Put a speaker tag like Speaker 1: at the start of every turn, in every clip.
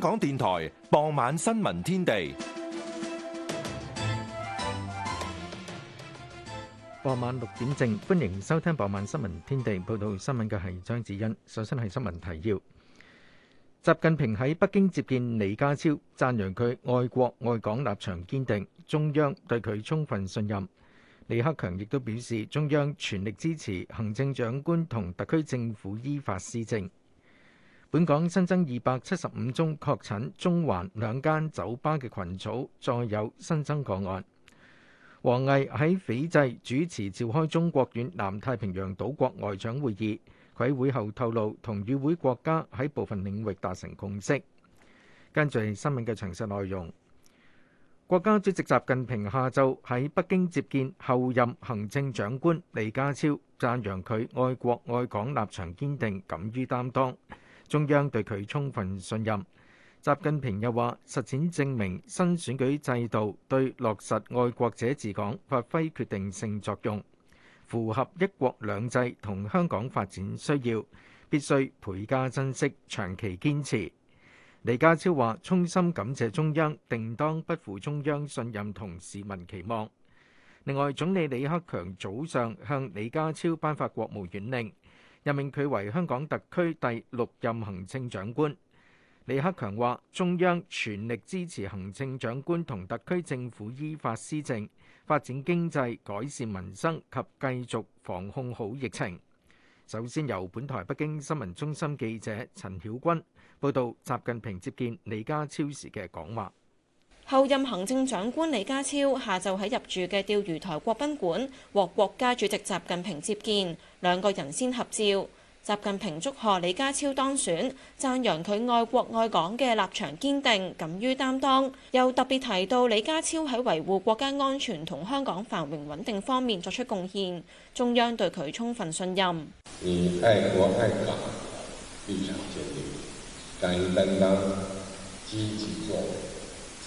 Speaker 1: 香港電台傍晚新聞天地。
Speaker 2: 傍晚六點正，歡迎收聽傍晚新聞天地。報道新聞嘅係張子欣，首先係新聞提要。習近平喺北京接見李家超，讚揚佢愛國愛港立場堅定，中央對佢充分信任。李克強亦都表示，中央全力支持行政長官同特區政府依法施政。本港新增二百七十五宗確診，中環兩間酒吧嘅群組再有新增個案。王毅喺斐濟主持召開中國與南太平洋島國外長會議，佢喺會後透露同與會國家喺部分領域達成共識。跟住係新聞嘅詳細內容。國家主席習近平下晝喺北京接見候任行政長官李家超，讚揚佢愛國愛港立場堅定，敢於擔當。中央對佢充分信任。習近平又話：實踐證明新選舉制度對落實愛國者治港發揮決定性作用，符合一國兩制同香港發展需要，必須倍加珍惜，長期堅持。李家超話：衷心感謝中央，定當不負中央信任同市民期望。另外，總理李克強早上向李家超頒發國務院令。任命佢為香港特區第六任行政長官。李克強話：中央全力支持行政長官同特區政府依法施政，發展經濟、改善民生及繼續防控好疫情。首先由本台北京新聞中心記者陳曉君報道，習近平接見李家超時嘅講話。
Speaker 3: 候任行政長官李家超下晝喺入住嘅釣魚台國賓館獲國家主席習近平接見，兩個人先合照。習近平祝賀李家超當選，讚揚佢愛國愛港嘅立場堅定、敢於擔當，又特別提到李家超喺維護國家安全同香港繁榮穩定方面作出貢獻，中央對佢充分信任。愛
Speaker 4: 國愛港，
Speaker 5: 立場堅定，敢於擔當，積極作為。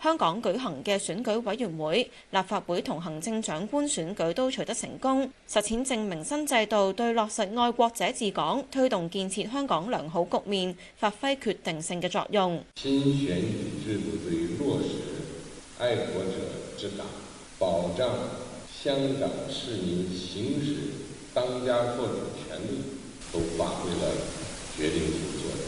Speaker 3: 香港舉行嘅選舉委員會、立法會同行政長官選舉都取得成功，實踐證明新制度對落實愛國者治港、推動建設香港良好局面發揮決定性嘅作用。
Speaker 6: 新選舉制
Speaker 5: 度對於落實愛國者治港、保障香港市民行使當家作主權利都發揮了決定性作用。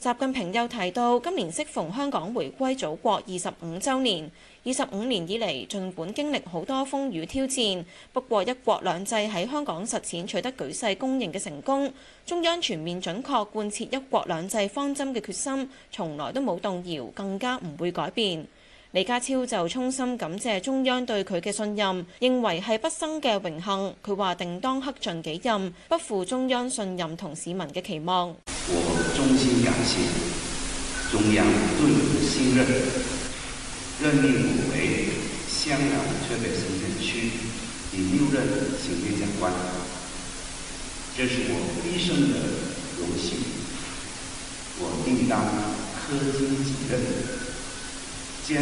Speaker 3: 習近平又提到，今年適逢香港回歸祖國二十五週年，二十五年以嚟，儘管經歷好多風雨挑戰，不過一國兩制喺香港實踐取得舉世公認嘅成功，中央全面準確貫徹一國兩制方針嘅決心，從來都冇動搖，更加唔會改變。李家超就衷心感謝中央對佢嘅信任，認為係畢生嘅榮幸。佢話定當恪盡己任，不負中央信任同市民嘅期望。
Speaker 2: 我衷心感謝中央對我嘅信任，任命我為香港特別行政區第
Speaker 5: 六任行政長官，這是我畢生的
Speaker 7: 榮幸。我定當恪盡己任。
Speaker 3: 參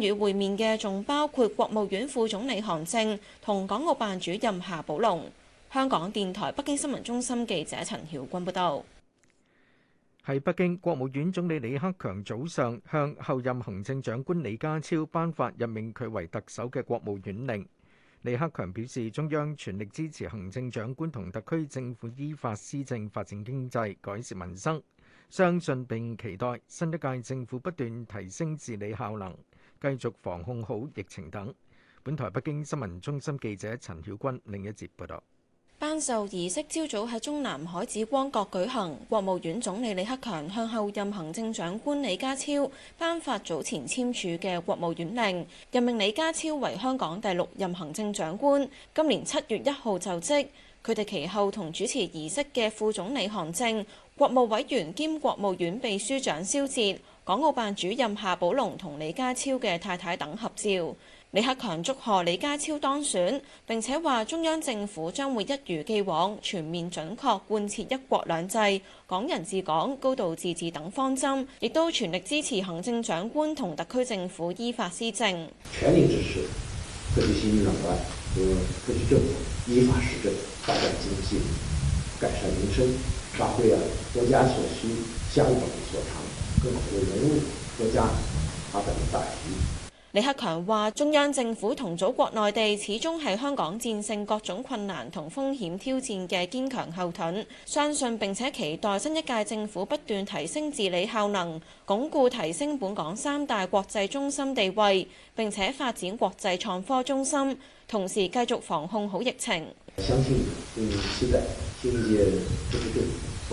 Speaker 3: 與會面嘅仲包括國務院副總理韓正同港澳辦主任夏寶龍。香港電台北京新聞中心記者陳曉君報道，
Speaker 2: 喺北京，國務院總理李克強早上向候任行政長官李家超頒發任命佢為特首嘅國務院令。李克強表示，中央全力支持行政長官同特區政府依法施政、發展經濟、改善民生，相信並期待新一屆政府不斷提升治理效能，繼續防控好疫情等。本台北京新聞中心記者陳曉君另一節報道。
Speaker 3: 頒授儀式朝早喺中南海紫光閣舉行，國務院總理李克強向候任行政長官李家超頒發早前簽署嘅國務院令，任命李家超為香港第六任行政長官，今年七月一號就職。佢哋其後同主持儀式嘅副總理韓正、國務委員兼國務院秘書長肖捷、港澳辦主任夏寶龍同李家超嘅太太等合照。李克強祝賀李家超當選，並且話中央政府將會一如既往全面準確貫徹一國兩制、港人治港、高度自治等方針，亦都全力支持行政長官同特區政府依法施政。李克強話，中央政府同祖國內地始終係香港戰勝各種困難同風險挑戰嘅堅強後盾，相信並且期待新一屆政府不斷提升治理效能，鞏固提升本港三大國際中心地位，並且發展國際創科中心，同時繼續防控好疫情。
Speaker 2: 相信期待現在先至都要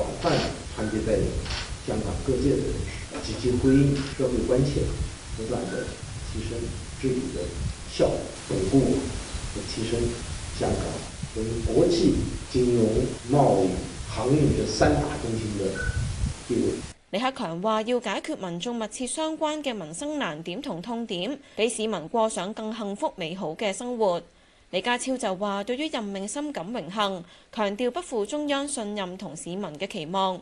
Speaker 2: 廣泛團結在香港各界的人士，積極回應社會關切，不斷的。提升治理的效率，穩固提升香港為國際金融貿易航運三大中心嘅地位。
Speaker 3: 李克強話要解決民眾密切相關嘅民生難點同痛點，俾市民過上更幸福美好嘅生活。李家超就話，對於任命深感榮幸，強調不負中央信任同市民嘅期望。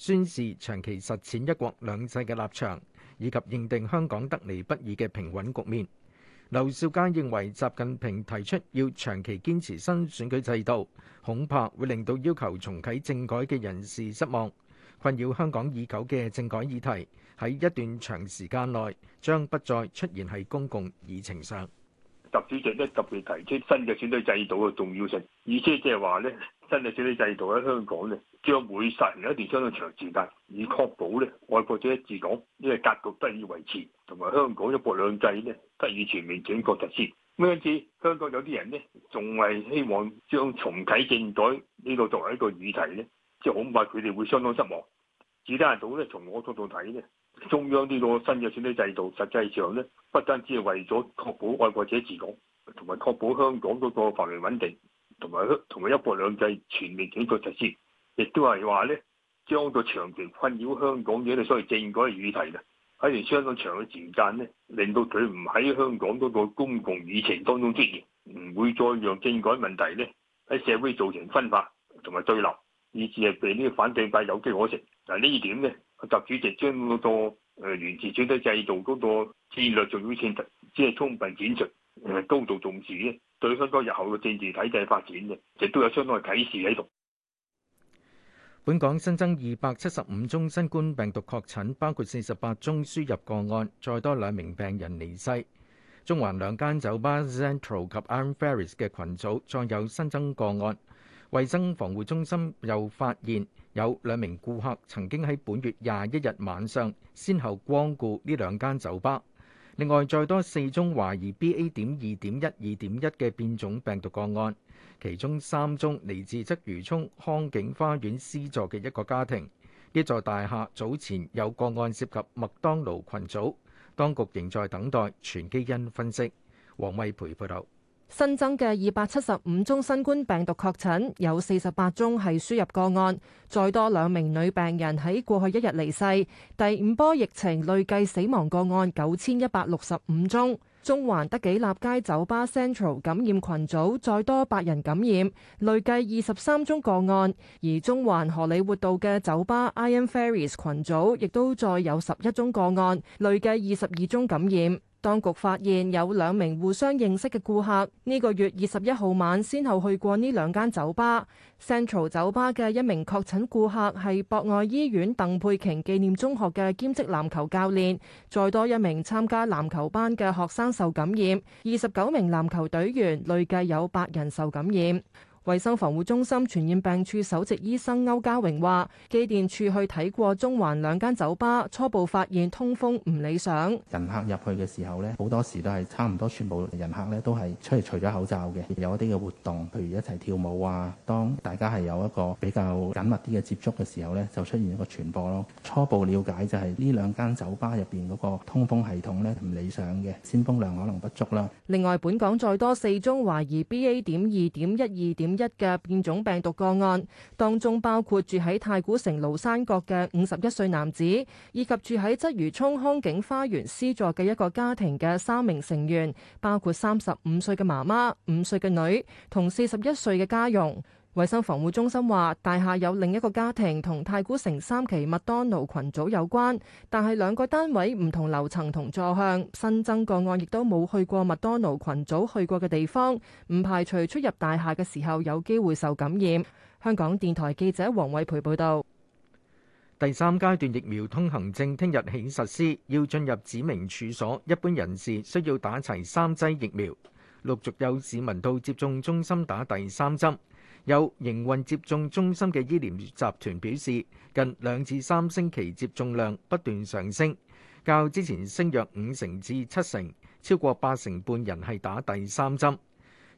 Speaker 2: 宣示長期實踐一國兩制嘅立場，以及認定香港得嚟不易嘅平穩局面。劉少佳認為習近平提出要長期堅持新選舉制度，恐怕會令到要求重啟政改嘅人士失望，困擾香港已久嘅政改議題喺一段長時間內將不再出現喺公共議程上。
Speaker 7: 習主席咧特別提出新嘅選舉制度嘅重要性，意思即係話咧。新嘅選舉制度喺香港咧，將會實行一段相當長時間，以確保咧愛國者治港，呢個格局得以維持，同埋香港一國兩制咧得以全面準確實施。因此，香港有啲人咧仲係希望將重啟政改呢個作為一個議題咧，即係恐怕佢哋會相當失望。只單係到咧，從我角度睇咧，中央呢個新嘅選舉制度，實際上咧不單止係為咗確保愛國者治港，同埋確保香港嗰個繁榮穩定。同埋同埋一國兩制全面起過實施，亦都係話咧，將個長期困擾香港嘅所謂政改嘅議題啦，喺一段相當長嘅時間咧，令到佢唔喺香港嗰個公共議程當中出現，唔會再讓政改問題咧喺社會造成分化同埋對立，以致係被呢個反對派有機可乘。嗱，呢點咧，習主席將個誒完全轉軸制度嗰個戰略重要性，即係充分展述誒高度重視嘅。對香港日後嘅政治體制發展亦都有相當嘅啟示喺度。
Speaker 2: 本港新增二百七十五宗新冠病毒確診，包括四十八宗輸入個案，再多兩名病人離世。中環兩間酒吧 Zentral 及 Iron Fairies 嘅群組再有新增個案，衛生防護中心又發現有兩名顧客曾經喺本月廿一日晚上先後光顧呢兩間酒吧。另外，再多四宗懷疑 BA. 點二點一、二點一嘅變種病毒個案，其中三宗嚟自鰂魚湧康景花園 C 座嘅一個家庭。呢座大廈早前有個案涉及麥當勞群組，當局仍在等待全基因分析。王惠培報道。
Speaker 8: 新增嘅二百七十五宗新冠病毒確診，有四十八宗係輸入個案，再多兩名女病人喺過去一日離世。第五波疫情累計死亡個案九千一百六十五宗。中環德己立街酒吧 Central 感染群組再多八人感染，累計二十三宗個案。而中環荷里活道嘅酒吧 Iron Fairies 群組亦都再有十一宗個案，累計二十二宗感染。當局發現有兩名互相認識嘅顧客，呢、這個月二十一號晚先後去過呢兩間酒吧。Central 酒吧嘅一名確診顧客係博愛醫院鄧佩瓊紀念中學嘅兼職籃球教練。再多一名參加籃球班嘅學生受感染，二十九名籃球隊員累計有八人受感染。衛生防護中心傳染病處首席醫生歐家榮話：機電處去睇過中環兩間酒吧，初步發現通風唔理想。人客入去嘅時
Speaker 4: 候呢，好多時都係差唔多全部人客呢都係出嚟除咗口罩嘅，有一啲嘅活動，譬如一齊跳舞啊，當大家係有一個比較緊密啲嘅接觸嘅時候呢，就出現一個傳播咯。初步了解就係呢兩間酒吧入邊嗰個通風系統呢，唔理想嘅，鮮風量可能不足啦。
Speaker 8: 另外，本港再多四宗懷疑 B A 點二點一二點一嘅變種病毒個案當中，包括住喺太古城廬山閣嘅五十一歲男子，以及住喺鰂魚涌康景花園 c 座嘅一個家庭嘅三名成員，包括三十五歲嘅媽媽、五歲嘅女同四十一歲嘅家傭。衛生防護中心話，大廈有另一個家庭同太古城三期麥當勞群組有關，但係兩個單位唔同樓層同座向，新增個案亦都冇去過麥當勞群組去過嘅地方，唔排除出入大廈嘅時候有機會受感染。香港電台記者黃偉培報道。
Speaker 2: 第三階段疫苗通行證聽日起實施，要進入指明處所，一般人士需要打齊三劑疫苗。陸續有市民到接種中心打第三針。有營運接種中心嘅醫療集團表示，近兩至三星期接種量不斷上升，較之前升約五成至七成，超過八成半人係打第三針。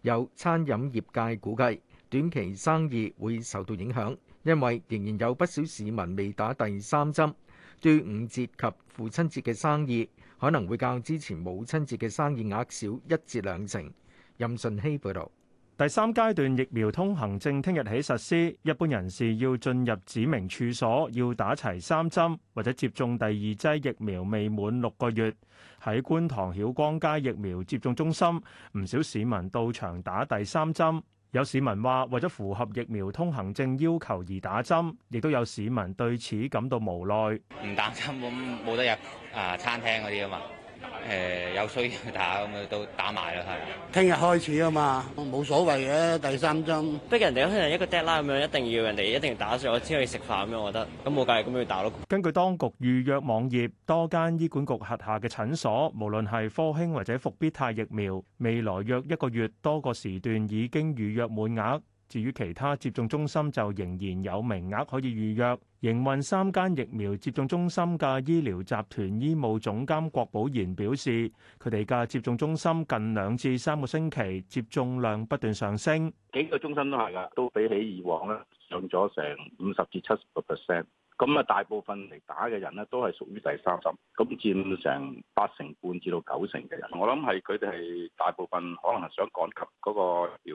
Speaker 2: 有餐飲業界估計，短期生意會受到影響，因為仍然有不少市民未打第三針。端午節及父親節嘅生意可能會較之前母親節嘅生意額少一至兩成。任順希報導。第三階段疫苗通行證聽日起實
Speaker 1: 施，一般人士要進入指明處所要打齊三針，或者接種第二劑疫苗未滿六個月。喺觀塘曉光街疫苗接種中心，唔少市民到場打第三針。有市民話為咗符合疫苗通行證要求而打針，亦都有市民對此感到無奈。唔打針
Speaker 4: 冇，冇得入啊餐廳嗰啲啊嘛。誒，有需要去打咁樣，都打埋
Speaker 9: 啦，係。
Speaker 4: 聽日開始啊嘛，冇所謂嘅第三針。
Speaker 9: 逼人哋可能一個 deadline 啦咁樣，一定要人哋一定打上先可以食飯咁樣，我覺得。咁我梗係咁樣打咯。
Speaker 1: 根據當局預約網頁，多間醫管局轄下嘅診所，無論係科興或者復必泰疫苗，未來約一個月多個時段已經預約滿額。至於其他接種中心就仍然有名額可以預約。營運三間疫苗接種中心嘅醫療集團醫務總監郭保賢表示，佢哋嘅接種中心近兩至三個星期接種量不斷上升，
Speaker 5: 幾個中心都係㗎，都比起以往咧上咗成五十至七十個 percent。咁啊，大部分嚟打嘅人呢，都係屬於第三針，咁佔成八成半至到九成嘅人。我諗係佢哋係大部分可能係想趕及嗰個要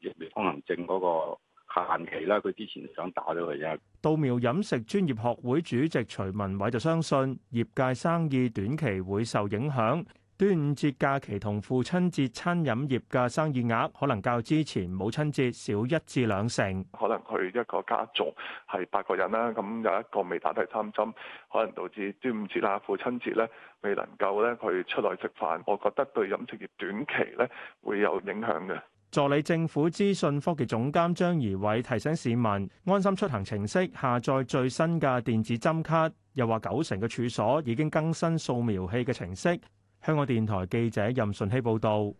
Speaker 5: 疫苗通行證嗰個限期啦，佢之前想打咗佢啫。
Speaker 1: 稻苗飲食專業學會主席徐文偉就相信業界生意短期會受影響。端午節假期同父親節，餐飲業嘅生意額可能較之前母親節少一至兩成，可
Speaker 4: 能佢一個家族係八個人啦，咁有一個未打第三針，可能導致端午節啊父親節咧未能夠咧去出來食飯。我覺得對飲食業短期咧會有影響嘅。
Speaker 1: 助理政府資訊科技總監張儀偉提醒市民安心出行程式下載最新嘅電子針卡，又話九成嘅處所已經更新掃描器嘅程式。香港電台記者任順希報道，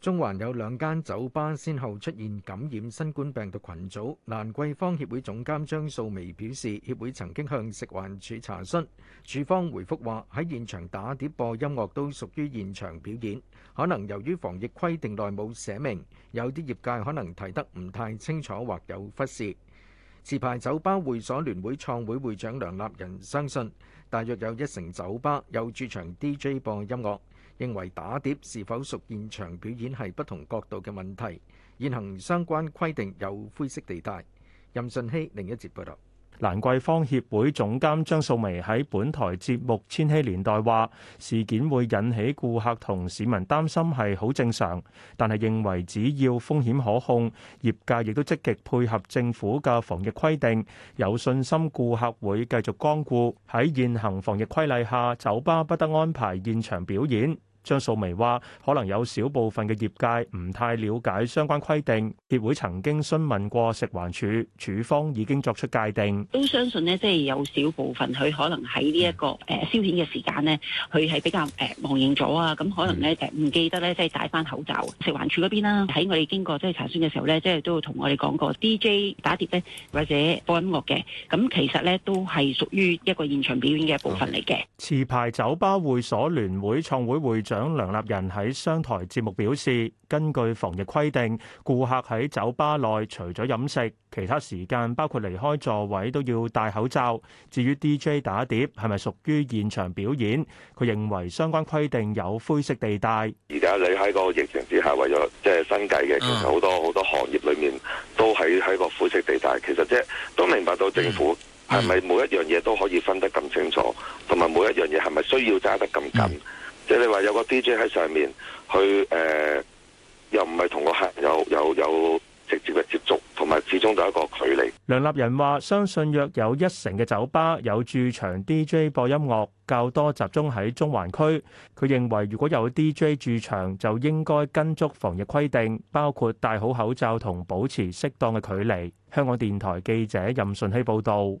Speaker 2: 中環有兩間酒吧先後出現感染新冠病毒群組。蘭桂坊協會總監張素薇表示，協會曾經向食環署查詢，署方回覆話喺現場打碟、播音樂都屬於現場表演，可能由於防疫規定內冇寫明，有啲業界可能睇得唔太清楚或有忽視。持牌酒吧會所聯會創會會長梁立仁相信。大約有一成酒吧有駐場 DJ 播音樂，認為打碟是否屬現場表演係不同角度嘅問題，現行相關規定有灰色地帶，任信希另一節報道。
Speaker 1: 蘭桂坊協會總監張素眉喺本台節目千禧年代話事件會引起顧客同市民擔心係好正常但係認為只要風險可控業界亦都積極配合政府嘅防疫規定有信心顧客會繼續光顧喺現行防疫規例下酒吧不得安排現場表演張素眉話：可能有少部分嘅業界唔太瞭解相關規定，協會曾經詢問過食環署，署方已經作出界定。
Speaker 8: 都相信咧，即係有少部分佢可能喺呢一個誒消遣嘅時間咧，佢係比較誒忘形咗啊！咁可能咧就唔記得咧，即係戴翻口罩。食環署嗰邊啦，喺我哋經過即係查詢嘅時候咧，即係都會同我哋講過，DJ 打碟咧或者播音樂嘅，咁其實咧都係屬於一個現場表演嘅部分
Speaker 3: 嚟嘅。
Speaker 1: 持牌酒吧會所聯會創會會長。講梁立仁喺商台節目表示，根據防疫規定，顧客喺酒吧內除咗飲食，其他時間包括離開座位都要戴口罩。至於 DJ 打碟係咪屬於現場表演，佢認為相關規定有灰色地帶。
Speaker 7: 而家你喺個疫情之下，為咗即係生計嘅，其實好多好多行業裏面都喺喺個灰色地帶。其實即係都明白到政府係咪每一樣嘢都可以分得咁清楚，同埋每一樣嘢係咪需要揸得咁緊。即你話有個 DJ 喺上面，佢誒又唔係同個客有有有直接嘅接觸，同埋始終都係一個距
Speaker 1: 離。梁立仁話：相信約有一成嘅酒吧有駐場 DJ 播音樂，較多集中喺中環區。佢認為如果有 DJ 駐場，就應該跟足防疫規定，包括戴好口罩同保持適當嘅距離。香
Speaker 2: 港電台記者任順希報導。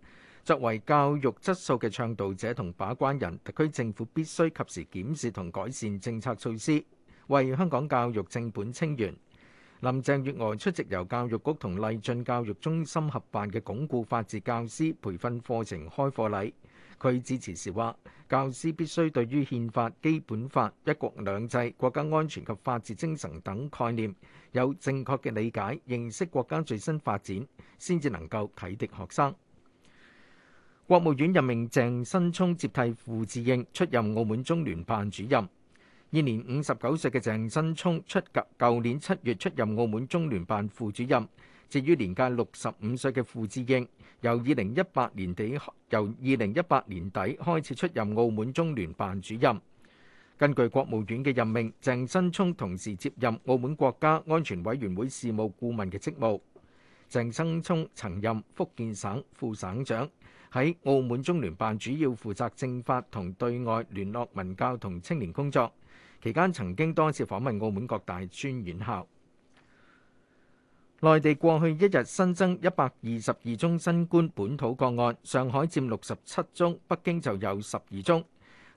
Speaker 2: 作為教育質素嘅倡導者同把關人，特區政府必須及時檢視同改善政策措施，為香港教育正本清源。林鄭月娥出席由教育局同勵進教育中心合辦嘅鞏固法治教師培訓課程開課禮，佢致辭時話：教師必須對於憲法、基本法、一國兩制、國家安全及法治精神等概念有正確嘅理解，認識國家最新發展，先至能夠啟迪學生。國務院任命鄭新聰接替傅自應出任澳門中聯辦主任。現年五十九歲嘅鄭新聰出及舊年七月出任澳門中聯辦副主任。至於年屆六十五歲嘅傅自應，由二零一八年底由二零一八年底開始出任澳門中聯辦主任。根據國務院嘅任命，鄭新聰同時接任澳門國家安全委員會事務顧問嘅職務。鄭生聰曾任福建省副省長，喺澳門中聯辦主要負責政法同對外聯絡、文教同青年工作。期間曾經多次訪問澳門各大專院校。內地過去一日新增一百二十二宗新冠本土個案，上海佔六十七宗，北京就有十二宗。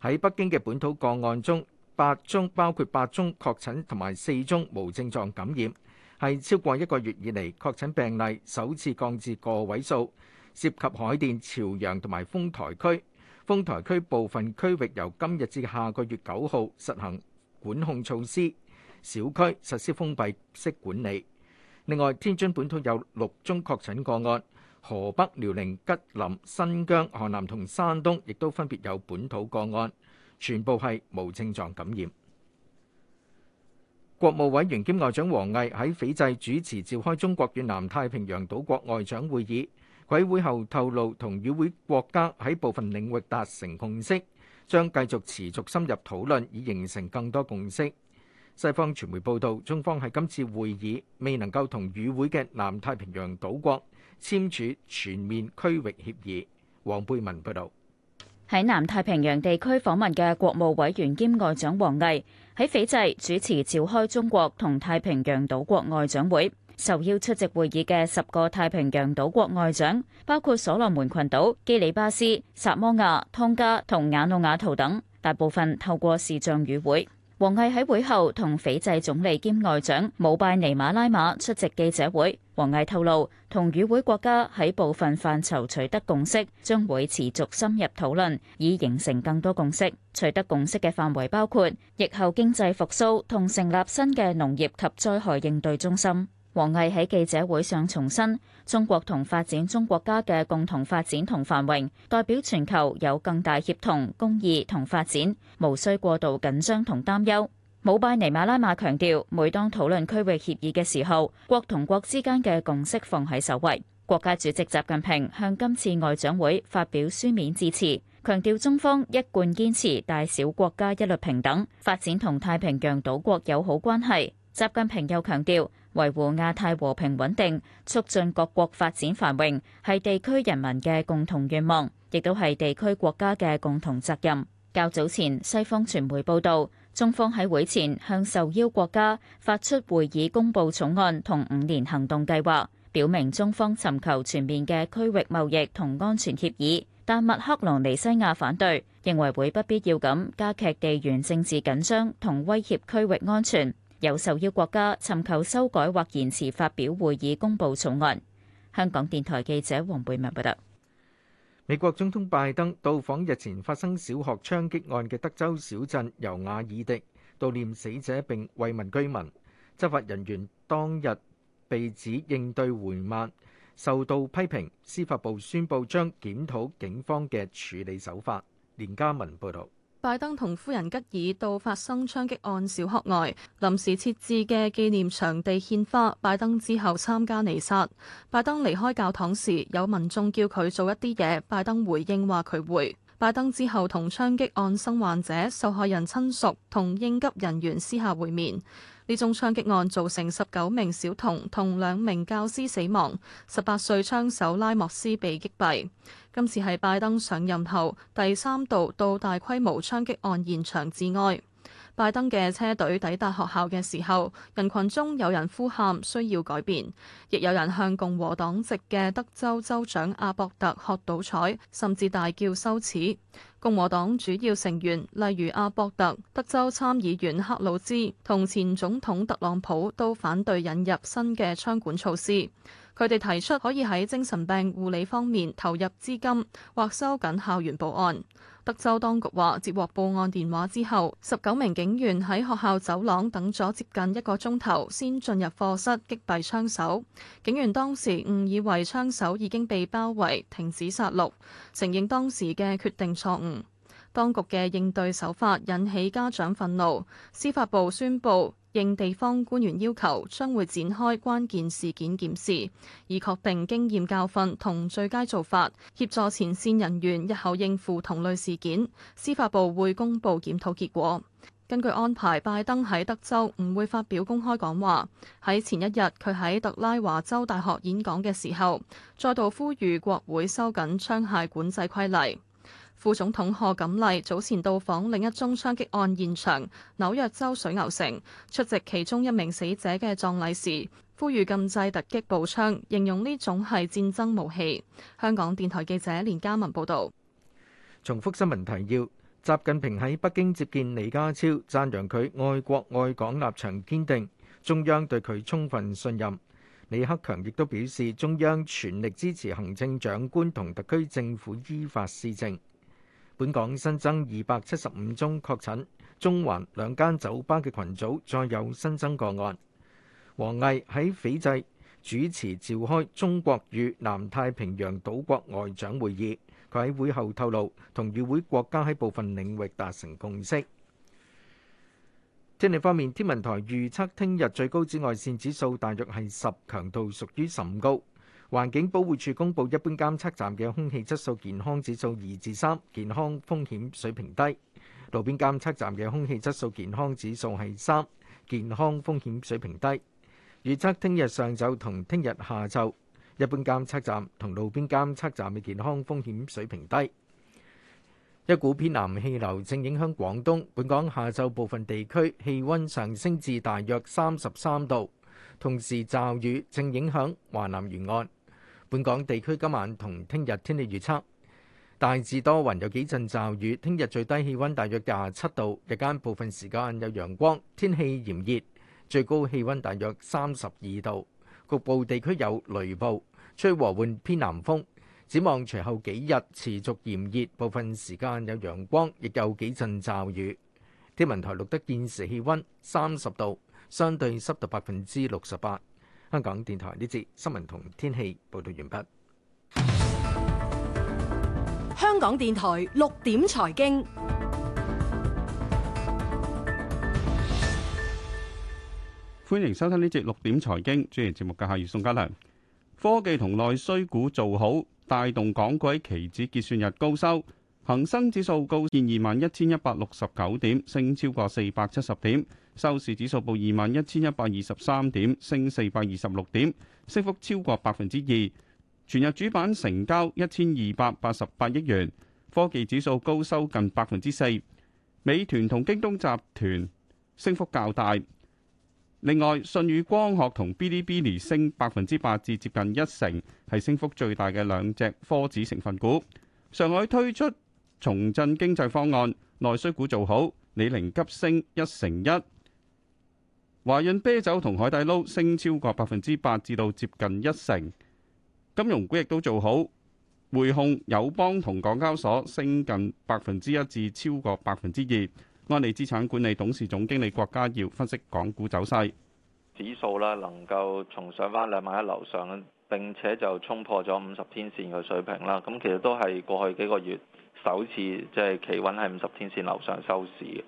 Speaker 2: 喺北京嘅本土個案中，八宗包括八宗確診同埋四宗無症狀感染。係超過一個月以嚟確診病例首次降至個位數，涉及海淀、朝陽同埋豐台區。豐台區部分區域由今日至下個月九號實行管控措施，小區實施封閉式管理。另外，天津本土有六宗確診個案，河北、遼寧、吉林、新疆、河南同山東亦都分別有本土個案，全部係無症狀感染。國務委員兼外長王毅喺斐濟主持召開中國與南太平洋島國外長會議，會後透露同與會國家喺部分領域達成共識，將繼續持續深入討論，以形成更多共識。西方傳媒報道，中方喺今次會議未能夠同與會嘅南太平洋島國簽署全面區域協議。黃貝文報道。
Speaker 6: 喺南太平洋地區訪問嘅國務委員兼外長王毅喺斐濟主持召開中國同太平洋島國外長會，受邀出席會議嘅十個太平洋島國外長，包括所羅門群島、基里巴斯、薩摩亞、湯加同瓦努阿圖等，大部分透過視像與會。王毅喺會後同斐濟總理兼外長姆拜尼馬拉馬出席記者會。王毅透露，同與會國家喺部分範疇取得共識，將會持續深入討論，以形成更多共識。取得共識嘅範圍包括疫後經濟復甦同成立新嘅農業及災害應對中心。王毅喺記者會上重申，中國同發展中國家嘅共同發展同繁榮，代表全球有更大協同、公義同發展，無需過度緊張同擔憂。姆拜尼馬拉馬強調，每當討論區域協議嘅時候，國同國之間嘅共識放喺首位。國家主席習近平向今次外長會發表書面致辭，強調中方一貫堅持大小國家一律平等，發展同太平洋島國友好關係。習近平又強調，維護亞太和平穩定、促進各國發展繁榮，係地區人民嘅共同願望，亦都係地區國家嘅共同責任。較早前，西方傳媒報道，中方喺會前向受邀國家發出會議公報草案同五年行動計劃，表明中方尋求全面嘅區域貿易同安全協議。但麥克羅尼西亞反對，認為會不必要咁加劇地緣政治緊張同威脅區域安全。有受邀國家尋求修改或延遲發表會議公佈草案。香港電台記者黃貝文報道。
Speaker 2: 美國總統拜登到訪日前發生小學槍擊案嘅德州小鎮尤瓦爾迪，悼念死者並慰問居民。執法人員當日被指應對緩慢，受到批評。司法部宣布將檢討警方嘅處理手法。連家文報道。
Speaker 10: 拜登同夫人吉爾到發生槍擊案小學外臨時設置嘅紀念場地獻花。拜登之後參加彌撒。拜登離開教堂時，有民眾叫佢做一啲嘢。拜登回應話佢會。拜登之後同槍擊案生患者、受害人親屬同應急人員私下會面。呢宗槍擊案造成十九名小童同兩名教師死亡，十八歲槍手拉莫斯被擊斃。今次係拜登上任後第三度到大規模槍擊案現場致哀。拜登嘅車隊抵達學校嘅時候，人群中有人呼喊需要改變，亦有人向共和黨籍嘅德州州長阿博特喝倒彩，甚至大叫羞恥。共和黨主要成員例如阿博特、德州參議員克魯茲同前總統特朗普都反對引入新嘅槍管措施。佢哋提出可以喺精神病護理方面投入資金，或收緊校園報案。德州當局話，接獲報案電話之後，十九名警員喺學校走廊等咗接近一個鐘頭，先進入課室擊斃槍手。警員當時誤以為槍手已經被包圍，停止殺戮，承認當時嘅決定錯誤。當局嘅應對手法引起家長憤怒。司法部宣布。應地方官員要求，將會展開關鍵事件檢視，以確定經驗教訓同最佳做法，協助前線人員日後應付同類事件。司法部會公布檢討結果。根據安排，拜登喺德州唔會發表公開講話。喺前一日，佢喺特拉華州大學演講嘅時候，再度呼籲國會收緊槍械管制規例。副總統賀錦麗早前到訪另一宗槍擊案現場紐約州水牛城，出席其中一名死者嘅葬禮時，呼籲禁制突擊步槍，形容呢種係戰爭武器。香港電台記者連嘉文報道。
Speaker 2: 重複新聞提要：習近平喺北京接見李家超，讚揚佢愛國愛港立場堅定，中央對佢充分信任。李克強亦都表示，中央全力支持行政長官同特區政府依法施政。本港新增二百七十五宗確診，中環兩間酒吧嘅群組再有新增個案。王毅喺斐濟主持召開中國與南太平洋島國外長會議，佢喺會後透露，同與會國家喺部分領域達成共識。天氣方面，天文台預測聽日最高紫外線指數大約係十，強度屬於甚高。環境保護署公布，一般監測站嘅空氣質素健康指數二至三，健康風險水平低；路邊監測站嘅空氣質素健康指數係三，健康風險水平低。預測聽日上晝同聽日下晝，一般監測站同路邊監測站嘅健康風險水平低。一股偏南氣流正影響廣東，本港下晝部分地區氣温上升至大約三十三度，同時驟雨正影響華南沿岸。本港地區今晚同聽日天氣預測，大致多雲有幾陣驟雨。聽日最低氣温大約廿七度，日間部分時間有陽光，天氣炎熱，最高氣温大約三十二度，局部地區有雷暴，吹和緩偏南風。展望隨後幾日持續炎熱，部分時間有陽光，亦有幾陣驟雨。天文台錄得現時氣温三十度，相對濕度百分之六十八。香港電台呢節新聞同天氣報道完畢。
Speaker 10: 香港電台六點財經，
Speaker 5: 歡迎收聽呢節六點財經。主持節目嘅係宋嘉良。科技同內需股做好，帶動港股期指結算日高收。恒生指數高見二萬一千一百六十九點，升超過四百七十點。收市指數報二萬一千一百二十三點，升四百二十六點，升幅超過百分之二。全日主板成交一千二百八十八億元，科技指數高收近百分之四。美團同京東集團升幅較大。另外，舜宇光學同 Bilibili 升百分之八至接近一成，係升幅最大嘅兩隻科指成分股。上海推出重振經濟方案，內需股做好，李寧急升一成一。華潤啤酒同海底撈升超過百分之八至到接近一成，金融股亦都做好，匯控、友邦同港交所升近百分之一至超過百分之二。安利資產管理董事總經理郭家耀分析港股走勢，
Speaker 11: 指數啦能夠重上返兩萬一樓上，並且就衝破咗五十天線嘅水平啦。咁其實都係過去幾個月首次即係企穩喺五十天線樓上收市。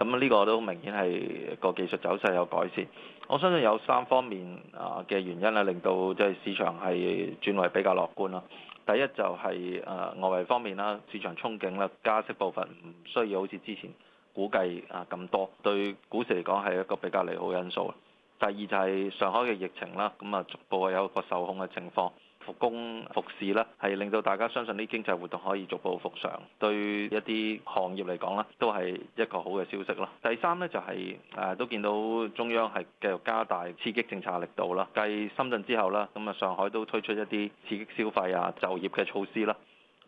Speaker 11: 咁呢個都明顯係個技術走勢有改善，我相信有三方面啊嘅原因啊，令到即係市場係轉為比較樂觀啦。第一就係誒外圍方面啦，市場憧憬啦，加息部分唔需要好似之前估計啊咁多，對股市嚟講係一個比較利好因素。第二就係上海嘅疫情啦，咁啊逐步係有一個受控嘅情況。復工復市啦，係令到大家相信啲經濟活動可以逐步復常，對一啲行業嚟講啦，都係一個好嘅消息咯。第三呢，就係、是、誒、呃，都見到中央係繼續加大刺激政策力度啦。繼深圳之後啦，咁啊上海都推出一啲刺激消費啊就業嘅措施啦。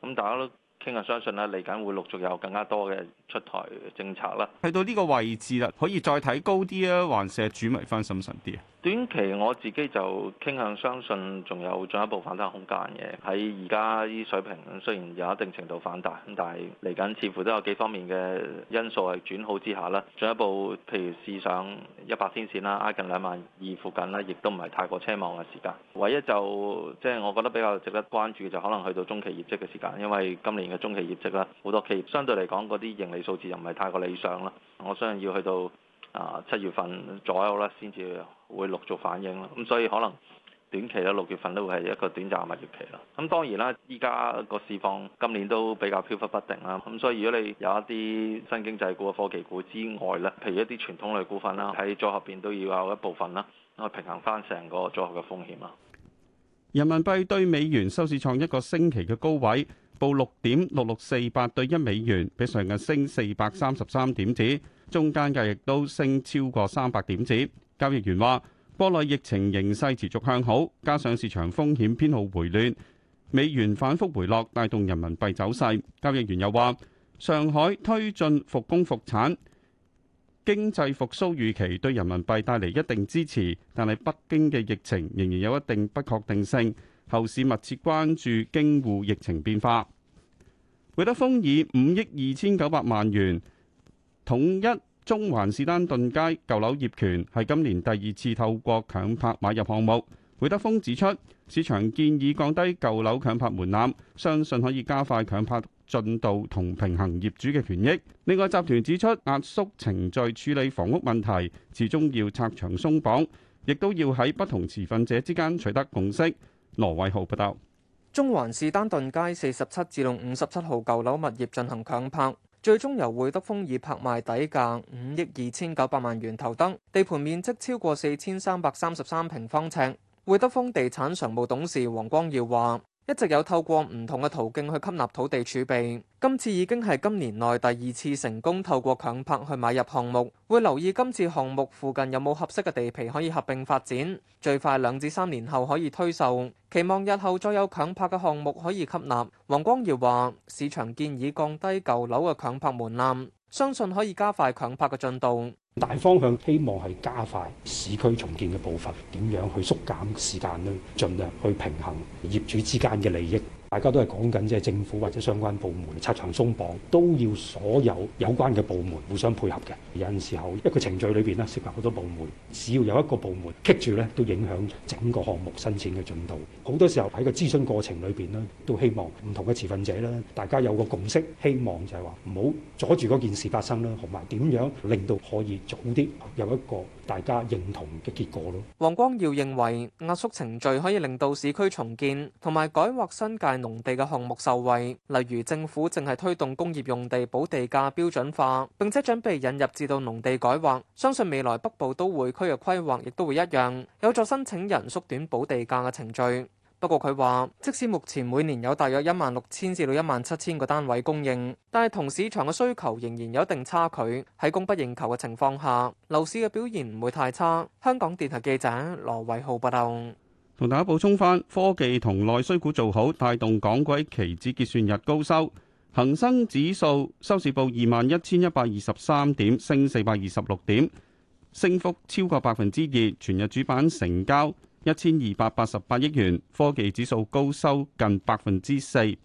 Speaker 11: 咁大家都傾啊，相信咧嚟緊會陸續有更加多嘅出台政策啦。
Speaker 5: 去到呢個位置啦，可以再睇高啲啊，還是係轉迷翻審慎啲啊？
Speaker 11: 短期我自己就傾向相信仲有進一步反彈空間嘅，喺而家啲水平雖然有一定程度反彈，但係嚟緊似乎都有幾方面嘅因素係轉好之下啦，進一步譬如試上一百天線啦，挨近兩萬二附近啦，亦都唔係太過奢望嘅時間。唯一就即係我覺得比較值得關注嘅就可能去到中期業績嘅時間，因為今年嘅中期業績啦，好多企業相對嚟講嗰啲盈利數字又唔係太過理想啦，我相信要去到。啊，七月份左右咧，先至會陸續反映咯。咁所以可能短期咧，六月份都會係一個短暫嘅逆期啦。咁當然啦，依家個市況今年都比較飄忽不定啦。咁所以如果你有一啲新經濟股嘅科技股之外咧，譬如一啲傳統類股份啦，喺組合入邊都要有一部分啦，去平衡翻成個組合嘅風險啦。
Speaker 5: 人民幣對美元收市創一個星期嘅高位，報六點六六四八對一美元，比上日升四百三十三點子，中間價亦都升超過三百點子。交易員話：國內疫情形勢持續向好，加上市場風險偏好回暖，美元反覆回落，帶動人民幣走勢。交易員又話：上海推進復工復產。經濟復甦預期對人民幣帶嚟一定支持，但係北京嘅疫情仍然有一定不確定性，後市密切關注京滬疫情變化。會德豐以五億二千九百萬元統一中環士丹頓街舊樓業權，係今年第二次透過強拍買入項目。會德豐指出，市場建議降低舊樓強拍門檻，相信可以加快強拍進度同平衡業主嘅權益。另外，集團指出壓縮程序處理房屋問題，始終要拆牆鬆綁，亦都要喺不同持份者之間取得共識。羅偉豪報道，
Speaker 9: 中環士丹頓街四十七至到五十七號舊樓物業進行強拍，最終由會德豐以拍賣底價五億二千九百萬元投得。地盤面積超過四千三百三十三平方尺。會德豐地產常務董事黃光耀話。一直有透過唔同嘅途徑去吸納土地儲備，今次已經係今年內第二次成功透過強拍去買入項目，會留意今次項目附近有冇合適嘅地皮可以合併發展，最快兩至三年後可以推售，期望日後再有強拍嘅項目可以吸納。黃光耀話，市場建議降低舊樓嘅強拍門檻，相信可以加快強拍嘅進度。
Speaker 1: 大方向希望係加快市區重建嘅步伐，點樣去縮減時間咧？盡量去平衡業主之間嘅利益。大家都係講緊，即係政府或者相關部門拆牆鬆綁，都要所有有關嘅部門互相配合嘅。有陣時候一個程序裏邊咧，涉及好多部門，只要有一個部門棘住咧，都影響整個項目申請嘅進度。好多時候喺個諮詢過程裏邊咧，都希望唔同嘅持份者咧，大家有個共識，希望就係話唔好阻住嗰件事發生啦，同埋點樣令到可以早啲有一個。大家認同
Speaker 9: 嘅結果咯。王光耀認為壓縮程序可以令到市區重建同埋改劃新界農地嘅項目受惠，例如政府正係推動工業用地補地價標準化，並且準備引入至到農地改劃，相信未來北部都會區嘅規劃亦都會一樣，有助申請人縮短補地價嘅程序。不過佢話，即使目前每年有大約一萬六千至到一萬七千個單位供應，但係同市場嘅需求仍然有一定差距。喺供不應求嘅情況下，樓市嘅表現唔會太差。香港電台記者羅偉浩報道。
Speaker 5: 同大家補充返，科技同內需股做好，帶動港股期指結算日高收。恒生指數收市報二萬一千一百二十三點，升四百二十六點，升幅超過百分之二。全日主板成交，一千二百八十八億元，科技指數高收近百分之四，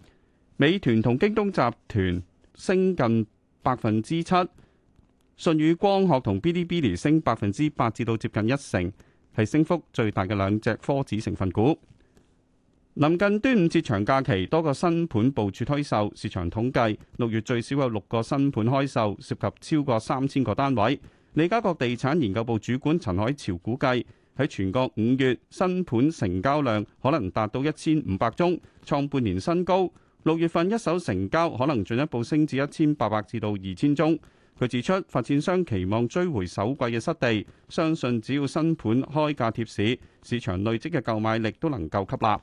Speaker 5: 美團同京東集團升近百分之七，舜宇光學同 Bilibili 升百分之八至到接近一成，係升幅最大嘅兩隻科指成分股。臨近端午節長假期，多個新盤部署推售，市場統計六月最少有六個新盤開售，涉及超過三千個單位。利嘉閣地產研究部主管陳海潮估計。喺全國五月新盤成交量可能達到一千五百宗，創半年新高。六月份一手成交可能進一步升至一千八百至到二千宗。佢指出，發展商期望追回首季嘅失地，相信只要新盤開價貼市，市場累積嘅購買力都能夠吸納。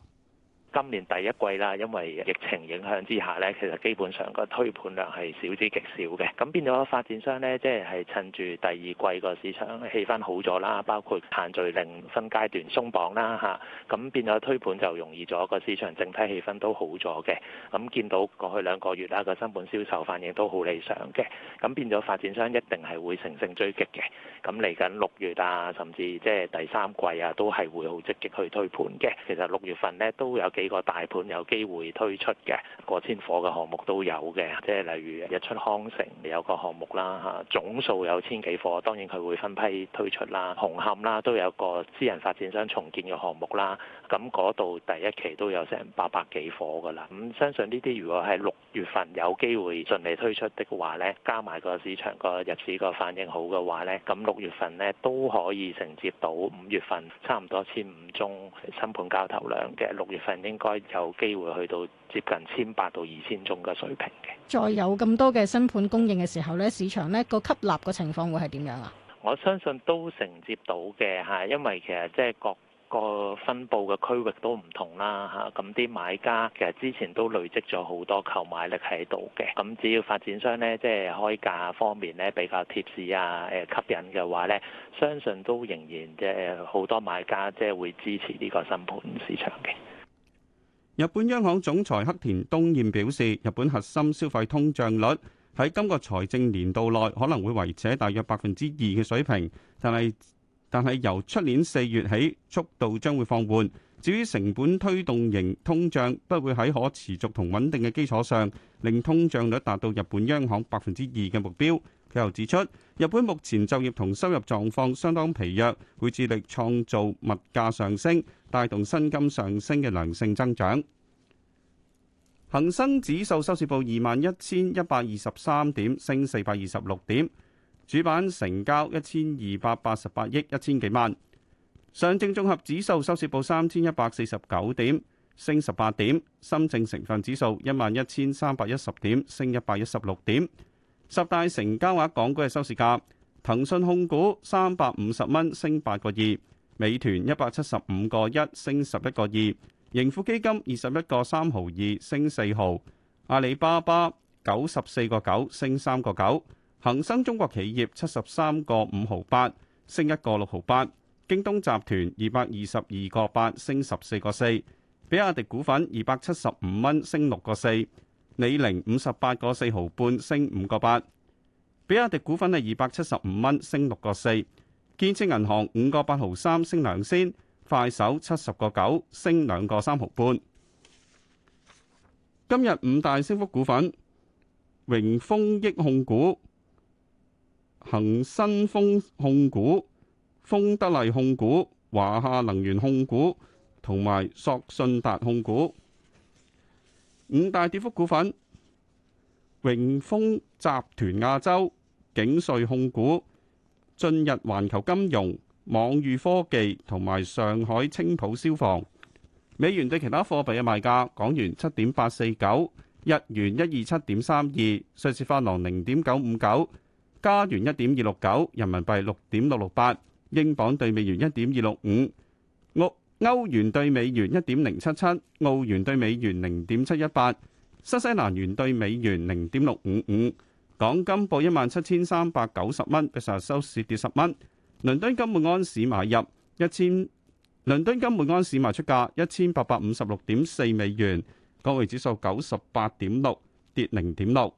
Speaker 5: 今年第一
Speaker 4: 季啦，因為疫情影響之下咧，其實基本上個推盤量係少之極少嘅。咁變咗發展商咧，即係係趁住第二季個市場氣氛好咗啦，包括限聚令分階段鬆綁啦，吓，咁變咗推盤就容易咗，個市場整體氣氛都好咗嘅。咁見到過去兩個月啦，個新盤銷售反應都好理想嘅，咁變咗發展商一定係會乘勝追擊嘅。咁嚟緊六月啊，甚至即係第三季啊，都係會好積極去推盤嘅。其實六月份咧都有幾。呢個大盤有機會推出嘅，過千伙嘅項目都有嘅，即係例如日出康城有個項目啦，嚇，總數有千幾夥，當然佢會分批推出啦，紅磡啦都有個私人發展商重建嘅項目啦。咁嗰度第一期都有成八百幾夥噶啦，咁相信呢啲如果係六月份有機會順利推出的話咧，加埋個市場個入市個反應好嘅話咧，咁六月份咧都可以承接到五月份差唔多千五宗新盤交投量嘅，六月份應該有機會去到接近千八到二千宗嘅水平
Speaker 10: 嘅。再有咁多嘅新盤供應嘅時候咧，市場咧個吸納個情況會係點樣啊 ？
Speaker 4: 我相信都承接到嘅吓，因為其實即係各。個分佈嘅區域都唔同啦，吓咁啲買家其實之前都累積咗好多購買力喺度嘅，咁只要發展商呢即係開價方面呢比較貼市啊，誒吸引嘅話呢，相信都仍然即係好多買家即係會支持呢個新盤市場嘅。
Speaker 5: 日本央行總裁黑田東彥表示，日本核心消費通脹率喺今個財政年度內可能會維持喺大約百分之二嘅水平，但係，但係由出年四月起，速度將會放緩。至於成本推動型通脹，不會喺可持續同穩定嘅基礎上，令通脹率達到日本央行百分之二嘅目標。佢又指出，日本目前就業同收入狀況相當疲弱，會致力創造物價上升、帶動薪金上升嘅良性增長。恒生指數收市報二萬一千一百二十三點，升四百二十六點。主板成交一千二百八十八億一千幾萬，上證綜合指數收市報三千一百四十九點，升十八點，深證成分指數一萬一千三百一十點，升一百一十六點。十大成交額港股嘅收市價：騰訊控股三百五十蚊，升八個二，美團一百七十五個一，升十一個二，盈富基金二十一個三毫二，升四毫，阿里巴巴九十四個九，升三個九。恒生中國企業七十三個五毫八，升一個六毫八；京東集團二百二十二個八，升十四個四；比亞迪股份二百七十五蚊，升六個四；李寧五十八個四毫半，升五個八；比亞迪股份係二百七十五蚊，升六個四；建設銀行五個八毫三，升兩仙；快手七十個九，升兩個三毫半。今日五大升幅股份：榮豐益控股。恒新豐控股、豐德麗控股、華夏能源控股同埋索信達控股。五大跌幅股份，榮豐集團亞洲、景瑞控股、進日環球金融、網譽科技同埋上海青浦消防。美元對其他貨幣嘅賣價：港元七點八四九，日元一二七點三二，瑞士法郎零點九五九。加元一點二六九，人民幣六點六六八，英鎊對美元一點二六五，歐歐元對美元一點零七七，澳元對美元零點七一八，新西蘭元對美元零點六五五。港金報一萬七千三百九十蚊，收市跌十蚊。倫敦金每盎司買入一千，倫敦金每盎司賣出價一千八百五十六點四美元，港匯指數九十八點六，跌零點六。